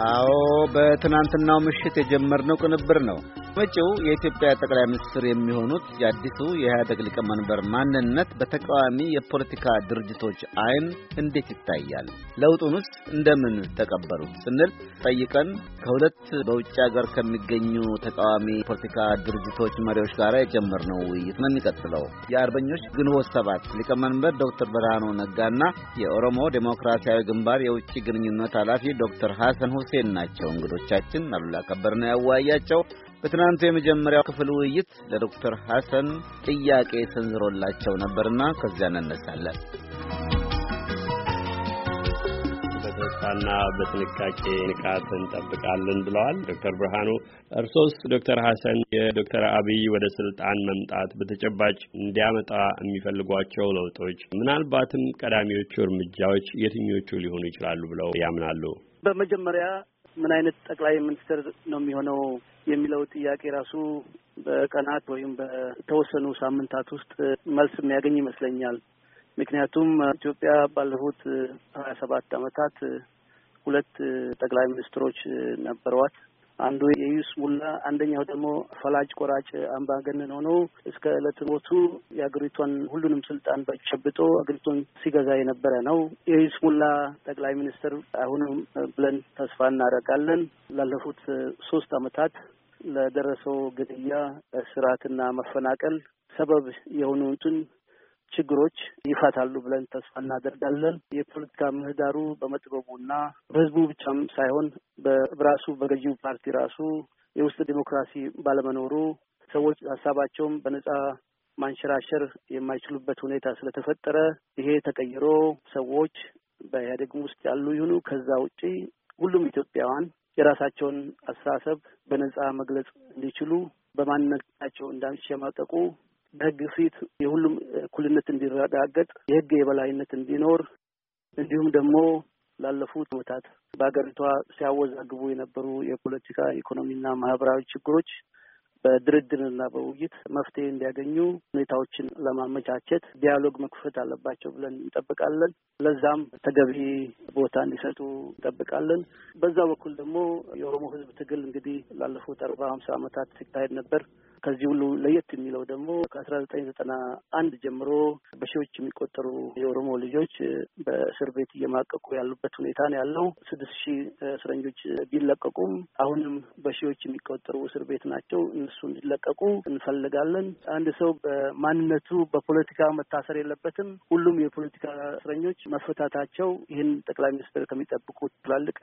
ao በትናንትናው ምሽት የጀመርነው ቅንብር ነው። መጪው የኢትዮጵያ ጠቅላይ ሚኒስትር የሚሆኑት የአዲሱ የኢህአደግ ሊቀመንበር ማንነት በተቃዋሚ የፖለቲካ ድርጅቶች አይን እንዴት ይታያል? ለውጡን ውስጥ እንደምን ተቀበሉት ስንል ጠይቀን ከሁለት በውጭ ሀገር ከሚገኙ ተቃዋሚ የፖለቲካ ድርጅቶች መሪዎች ጋር የጀመርነው ውይይት ነው የሚቀጥለው። የአርበኞች ግንቦት ሰባት ሊቀመንበር ዶክተር ብርሃኑ ነጋና የኦሮሞ ዴሞክራሲያዊ ግንባር የውጭ ግንኙነት ኃላፊ ዶክተር ሐሰን ሁሴን ናቸው። እንግዶቻችን አሉላ ከበር ነው ያወያያቸው። በትናንቱ የመጀመሪያው ክፍል ውይይት ለዶክተር ሐሰን ጥያቄ ሰንዝሮላቸው ነበርና ከዚያ እንነሳለን። በተስፋና በጥንቃቄ ንቃት እንጠብቃለን ብለዋል ዶክተር ብርሃኑ። እርሶስ ዶክተር ሐሰን የዶክተር አብይ ወደ ስልጣን መምጣት በተጨባጭ እንዲያመጣ የሚፈልጓቸው ለውጦች ምናልባትም ቀዳሚዎቹ እርምጃዎች የትኞቹ ሊሆኑ ይችላሉ ብለው ያምናሉ? በመጀመሪያ ምን አይነት ጠቅላይ ሚኒስትር ነው የሚሆነው የሚለው ጥያቄ ራሱ በቀናት ወይም በተወሰኑ ሳምንታት ውስጥ መልስ የሚያገኝ ይመስለኛል። ምክንያቱም ኢትዮጵያ ባለፉት ሀያ ሰባት አመታት ሁለት ጠቅላይ ሚኒስትሮች ነበረዋት። አንዱ የዩስ ሙላ አንደኛው ደግሞ ፈላጭ ቆራጭ አምባገነን ሆኖ እስከ ዕለት ሞቱ የአገሪቷን ሁሉንም ስልጣን በጨብጦ አገሪቷን ሲገዛ የነበረ ነው። የዩስ ሙላ ጠቅላይ ሚኒስትር አሁንም ብለን ተስፋ እናደርጋለን። ላለፉት ሶስት አመታት ለደረሰው ግድያ፣ እስራትና መፈናቀል ሰበብ የሆኑትን ችግሮች ይፈታሉ ብለን ተስፋ እናደርጋለን። የፖለቲካ ምህዳሩ በመጥበቡና በህዝቡ ብቻም ሳይሆን በራሱ በገዢው ፓርቲ ራሱ የውስጥ ዲሞክራሲ ባለመኖሩ ሰዎች ሀሳባቸውም በነጻ ማንሸራሸር የማይችሉበት ሁኔታ ስለተፈጠረ ይሄ ተቀይሮ ሰዎች በኢህአዴግም ውስጥ ያሉ ይሁኑ ከዛ ውጪ ሁሉም ኢትዮጵያውያን የራሳቸውን አስተሳሰብ በነጻ መግለጽ እንዲችሉ በማንነታቸው እንዳንሸማቀቁ በህግ ፊት የሁሉም እኩልነት እንዲረጋገጥ የህግ የበላይነት እንዲኖር እንዲሁም ደግሞ ላለፉት ዓመታት በሀገሪቷ ሲያወዛግቡ የነበሩ የፖለቲካ ኢኮኖሚና ማህበራዊ ችግሮች በድርድርና በውይይት መፍትሄ እንዲያገኙ ሁኔታዎችን ለማመቻቸት ዲያሎግ መክፈት አለባቸው ብለን እንጠብቃለን። ለዛም ተገቢ ቦታ እንዲሰጡ እንጠብቃለን። በዛ በኩል ደግሞ የኦሮሞ ህዝብ ትግል እንግዲህ ላለፉት አርባ ሀምሳ ዓመታት ሲካሄድ ነበር። ከዚህ ሁሉ ለየት የሚለው ደግሞ ከአስራ ዘጠኝ ዘጠና አንድ ጀምሮ በሺዎች የሚቆጠሩ የኦሮሞ ልጆች በእስር ቤት እየማቀቁ ያሉበት ሁኔታ ነው ያለው። ስድስት ሺህ እስረኞች ቢለቀቁም አሁንም በሺዎች የሚቆጠሩ እስር ቤት ናቸው። እነሱ እንዲለቀቁ እንፈልጋለን። አንድ ሰው በማንነቱ በፖለቲካ መታሰር የለበትም። ሁሉም የፖለቲካ እስረኞች መፈታታቸው ይህን ጠቅላይ ሚኒስትር ከሚጠብቁት ትላልቅ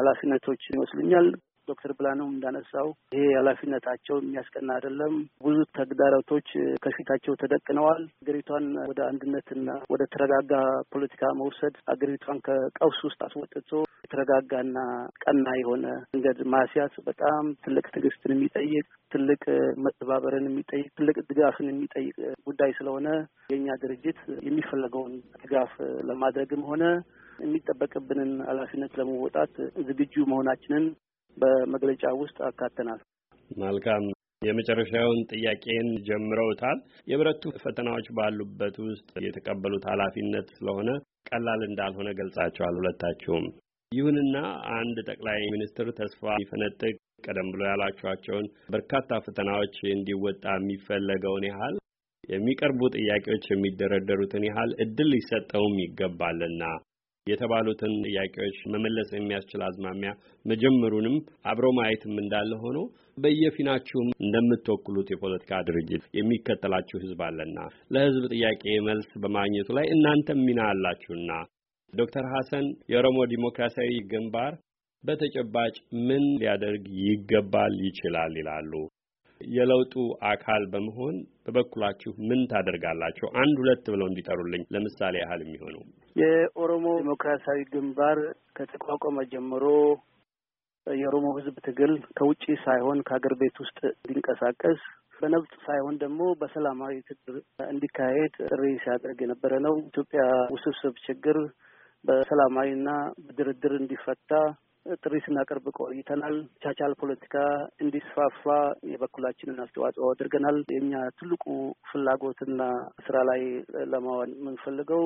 ኃላፊነቶች ይመስሉኛል። ዶክተር ብላኖም እንዳነሳው ይሄ ኃላፊነታቸው የሚያስቀና አይደለም። አይደለም። ብዙ ተግዳሮቶች ከፊታቸው ተደቅነዋል። አገሪቷን ወደ አንድነትና ወደ ተረጋጋ ፖለቲካ መውሰድ አገሪቷን ከቀውስ ውስጥ አስወጥቶ የተረጋጋና ቀና የሆነ መንገድ ማስያዝ በጣም ትልቅ ትዕግስትን የሚጠይቅ ትልቅ መተባበርን የሚጠይቅ ትልቅ ድጋፍን የሚጠይቅ ጉዳይ ስለሆነ የእኛ ድርጅት የሚፈለገውን ድጋፍ ለማድረግም ሆነ የሚጠበቅብንን ኃላፊነት ለመወጣት ዝግጁ መሆናችንን በመግለጫ ውስጥ አካተናል። መልካም። የመጨረሻውን ጥያቄን ጀምረውታል። የብረቱ ፈተናዎች ባሉበት ውስጥ የተቀበሉት ኃላፊነት ስለሆነ ቀላል እንዳልሆነ ገልጻቸዋል ሁለታችሁም። ይሁንና አንድ ጠቅላይ ሚኒስትር ተስፋ የሚፈነጥቅ ቀደም ብሎ ያላችኋቸውን በርካታ ፈተናዎች እንዲወጣ የሚፈለገውን ያህል የሚቀርቡ ጥያቄዎች የሚደረደሩትን ያህል እድል ሊሰጠውም ይገባልና የተባሉትን ጥያቄዎች መመለስ የሚያስችል አዝማሚያ መጀመሩንም አብሮ ማየትም እንዳለ ሆኖ በየፊናችሁም እንደምትወክሉት የፖለቲካ ድርጅት የሚከተላችሁ ህዝብ አለና ለህዝብ ጥያቄ መልስ በማግኘቱ ላይ እናንተም ሚና አላችሁና ዶክተር ሐሰን የኦሮሞ ዲሞክራሲያዊ ግንባር በተጨባጭ ምን ሊያደርግ ይገባል ይችላል ይላሉ? የለውጡ አካል በመሆን በበኩላችሁ ምን ታደርጋላችሁ? አንድ ሁለት ብለው እንዲጠሩልኝ ለምሳሌ ያህል የሚሆነው የኦሮሞ ዴሞክራሲያዊ ግንባር ከተቋቋመ ጀምሮ የኦሮሞ ሕዝብ ትግል ከውጭ ሳይሆን ከሀገር ቤት ውስጥ እንዲንቀሳቀስ በነብጥ ሳይሆን ደግሞ በሰላማዊ ትግል እንዲካሄድ ጥሪ ሲያደርግ የነበረ ነው። ኢትዮጵያ ውስብስብ ችግር በሰላማዊና በድርድር እንዲፈታ ጥሪ ስናቀርብ ቆይተናል። ቻቻል ፖለቲካ እንዲስፋፋ የበኩላችንን አስተዋጽኦ አድርገናል። የእኛ ትልቁ ፍላጎትና ስራ ላይ ለማዋል የምንፈልገው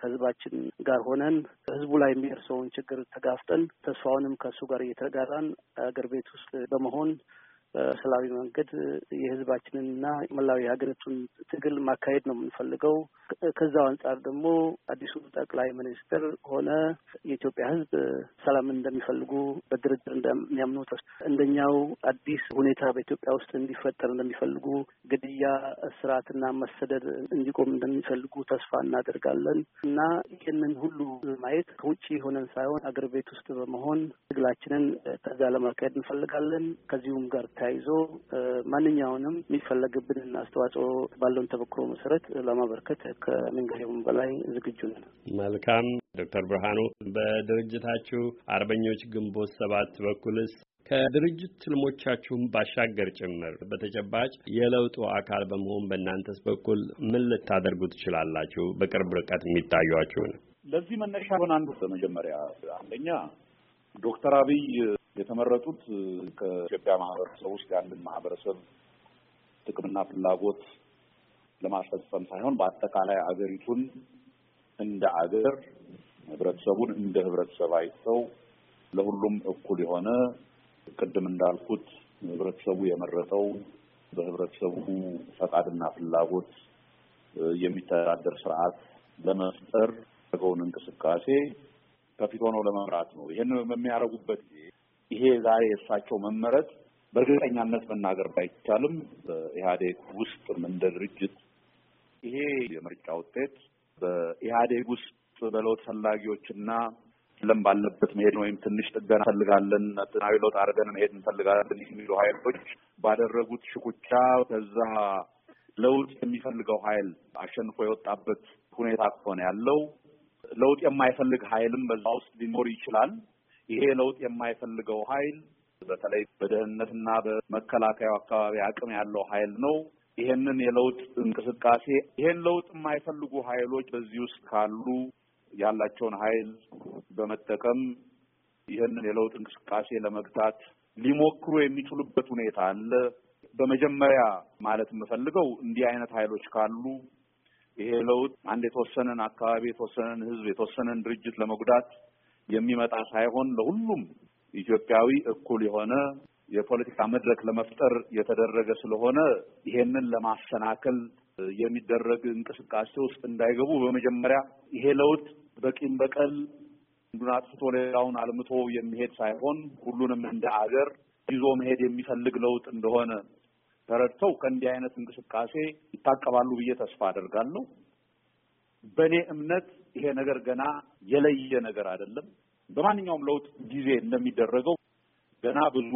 ከህዝባችን ጋር ሆነን ህዝቡ ላይ የሚደርሰውን ችግር ተጋፍጠን ተስፋውንም ከእሱ ጋር እየተጋራን አገር ቤት ውስጥ በመሆን በሰላማዊ መንገድ የህዝባችንንና መላዊ ሀገሪቱን ትግል ማካሄድ ነው የምንፈልገው። ከዛው አንጻር ደግሞ አዲሱ ጠቅላይ ሚኒስትር ሆነ የኢትዮጵያ ህዝብ ሰላምን እንደሚፈልጉ በድርድር እንደሚያምኑ እንደኛው አዲስ ሁኔታ በኢትዮጵያ ውስጥ እንዲፈጠር እንደሚፈልጉ፣ ግድያ፣ እስራትና መሰደድ እንዲቆም እንደሚፈልጉ ተስፋ እናደርጋለን እና ይህንን ሁሉ ማየት ከውጭ ሆነን ሳይሆን አገር ቤት ውስጥ በመሆን ትግላችንን ከዛ ለማካሄድ እንፈልጋለን ከዚሁም ጋር ተያይዞ ማንኛውንም የሚፈለግብንን አስተዋጽኦ ባለውን ተበክሮ መሰረት ለማበርከት ከምንጊዜውም በላይ ዝግጁ ነን። መልካም ዶክተር ብርሃኑ በድርጅታችሁ አርበኞች ግንቦት ሰባት በኩልስ ከድርጅት ትልሞቻችሁም ባሻገር ጭምር በተጨባጭ የለውጡ አካል በመሆን በእናንተስ በኩል ምን ልታደርጉ ትችላላችሁ? በቅርብ ርቀት የሚታዩአችሁን። ለዚህ መነሻ ሆን አንዱ በመጀመሪያ አንደኛ ዶክተር አብይ የተመረጡት ከኢትዮጵያ ማህበረሰብ ውስጥ የአንድን ማህበረሰብ ጥቅምና ፍላጎት ለማስፈጸም ሳይሆን በአጠቃላይ አገሪቱን እንደ አገር ህብረተሰቡን እንደ ህብረተሰብ አይተው ለሁሉም እኩል የሆነ ቅድም እንዳልኩት ህብረተሰቡ የመረጠው በህብረተሰቡ ፈቃድና ፍላጎት የሚተዳደር ስርዓት ለመፍጠር ያደረገውን እንቅስቃሴ ከፊት ሆኖ ለመምራት ነው። ይህን በሚያደርጉበት ጊዜ ይሄ ዛሬ የእሳቸው መመረጥ በእርግጠኛነት መናገር ባይቻልም በኢህአዴግ ውስጥም እንደ ድርጅት ይሄ የምርጫ ውጤት በኢህአዴግ ውስጥ በለውጥ ፈላጊዎችና ለም ባለበት መሄድ ወይም ትንሽ ጥገና እንፈልጋለን ጥናዊ ለውጥ አድርገን መሄድ እንፈልጋለን የሚሉ ኃይሎች ባደረጉት ሽኩቻ ከዛ ለውጥ የሚፈልገው ኃይል አሸንፎ የወጣበት ሁኔታ ከሆነ ያለው ለውጥ የማይፈልግ ኃይልም በዛ ውስጥ ሊኖር ይችላል። ይሄ ለውጥ የማይፈልገው ኃይል በተለይ በደህንነትና በመከላከያው አካባቢ አቅም ያለው ኃይል ነው። ይሄንን የለውጥ እንቅስቃሴ ይሄን ለውጥ የማይፈልጉ ኃይሎች በዚህ ውስጥ ካሉ ያላቸውን ኃይል በመጠቀም ይህንን የለውጥ እንቅስቃሴ ለመግታት ሊሞክሩ የሚችሉበት ሁኔታ አለ። በመጀመሪያ ማለት የምፈልገው እንዲህ አይነት ኃይሎች ካሉ ይሄ ለውጥ አንድ የተወሰነን አካባቢ፣ የተወሰነን ህዝብ፣ የተወሰነን ድርጅት ለመጉዳት የሚመጣ ሳይሆን ለሁሉም ኢትዮጵያዊ እኩል የሆነ የፖለቲካ መድረክ ለመፍጠር የተደረገ ስለሆነ ይሄንን ለማሰናከል የሚደረግ እንቅስቃሴ ውስጥ እንዳይገቡ በመጀመሪያ ይሄ ለውጥ በቂም በቀል አንዱን አጥፍቶ ሌላውን አልምቶ የሚሄድ ሳይሆን ሁሉንም እንደ አገር ይዞ መሄድ የሚፈልግ ለውጥ እንደሆነ ተረድተው ከእንዲህ አይነት እንቅስቃሴ ይታቀባሉ ብዬ ተስፋ አደርጋለሁ። በእኔ እምነት ይሄ ነገር ገና የለየ ነገር አይደለም። በማንኛውም ለውጥ ጊዜ እንደሚደረገው ገና ብዙ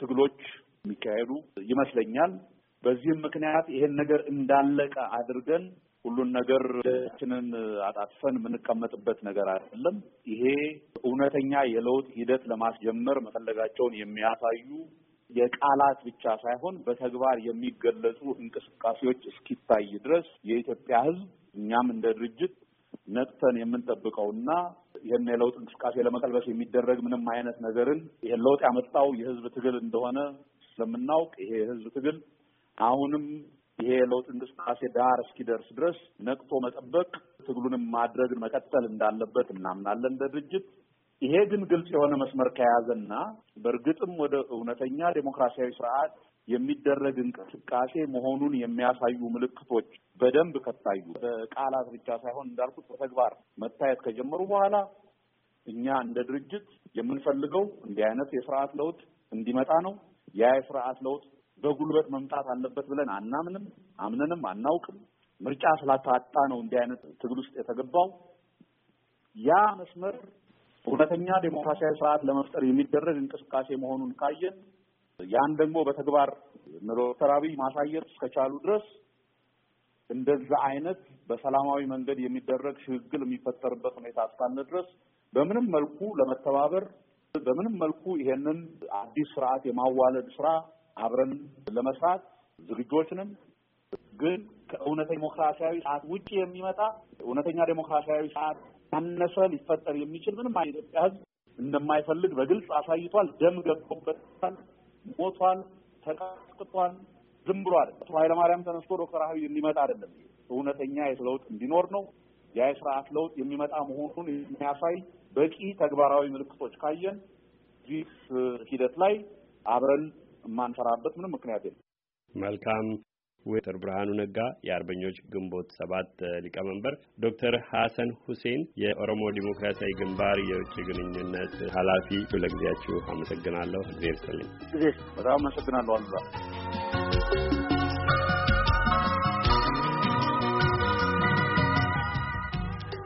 ትግሎች የሚካሄዱ ይመስለኛል። በዚህም ምክንያት ይሄን ነገር እንዳለቀ አድርገን ሁሉን ነገር ችንን አጣጥፈን የምንቀመጥበት ነገር አይደለም። ይሄ እውነተኛ የለውጥ ሂደት ለማስጀመር መፈለጋቸውን የሚያሳዩ የቃላት ብቻ ሳይሆን በተግባር የሚገለጹ እንቅስቃሴዎች እስኪታይ ድረስ የኢትዮጵያ ሕዝብ እኛም እንደ ድርጅት ነጥተን የምንጠብቀውና ይህን የለውጥ እንቅስቃሴ ለመቀልበስ የሚደረግ ምንም አይነት ነገርን ይህን ለውጥ ያመጣው የህዝብ ትግል እንደሆነ ስለምናውቅ ይሄ የህዝብ ትግል አሁንም ይሄ የለውጥ እንቅስቃሴ ዳር እስኪደርስ ድረስ ነቅቶ መጠበቅ ትግሉንም ማድረግን መቀጠል እንዳለበት እናምናለን እንደ ድርጅት። ይሄ ግን ግልጽ የሆነ መስመር ከያዘና በእርግጥም ወደ እውነተኛ ዴሞክራሲያዊ ስርዓት የሚደረግ እንቅስቃሴ መሆኑን የሚያሳዩ ምልክቶች በደንብ ከታዩ በቃላት ብቻ ሳይሆን እንዳልኩት በተግባር መታየት ከጀመሩ በኋላ እኛ እንደ ድርጅት የምንፈልገው እንዲህ አይነት የስርዓት ለውጥ እንዲመጣ ነው። ያ የስርዓት ለውጥ በጉልበት መምጣት አለበት ብለን አናምንም፣ አምነንም አናውቅም። ምርጫ ስላታጣ ነው እንዲህ አይነት ትግል ውስጥ የተገባው። ያ መስመር እውነተኛ ዴሞክራሲያዊ ስርዓት ለመፍጠር የሚደረግ እንቅስቃሴ መሆኑን ካየን ያን ደግሞ በተግባር ኑሮ ተራቢ ማሳየት እስከቻሉ ድረስ እንደዛ አይነት በሰላማዊ መንገድ የሚደረግ ሽግግር የሚፈጠርበት ሁኔታ እስካለ ድረስ በምንም መልኩ ለመተባበር በምንም መልኩ ይሄንን አዲስ ስርዓት የማዋለድ ስራ አብረን ለመስራት ዝግጆች ነን። ግን ከእውነተኛ ዴሞክራሲያዊ ሰዓት ውጭ የሚመጣ እውነተኛ ዴሞክራሲያዊ ሰዓት ያነሰ ሊፈጠር የሚችል ምንም ኢትዮጵያ ሕዝብ እንደማይፈልግ በግልጽ አሳይቷል። ደም ገብቶበታል። ሞቷል፣ ተቀጥቅጧል፣ ዝም ብሎ አይደለም። አቶ ኃይለማርያም ተነስቶ ዶክተር አብይ እንዲመጣ አይደለም። እውነተኛ የለውጥ እንዲኖር ነው። ያ የስርዓት ለውጥ የሚመጣ መሆኑን የሚያሳይ በቂ ተግባራዊ ምልክቶች ካየን ዚህ ሂደት ላይ አብረን የማንሰራበት ምንም ምክንያት የለም። መልካም ዶክተር ብርሃኑ ነጋ የአርበኞች ግንቦት ሰባት ሊቀመንበር፣ ዶክተር ሀሰን ሁሴን የኦሮሞ ዲሞክራሲያዊ ግንባር የውጭ ግንኙነት ኃላፊ፣ ለጊዜያችሁ አመሰግናለሁ። እግዜር ይስጥልኝ። በጣም አመሰግናለሁ አሉላ።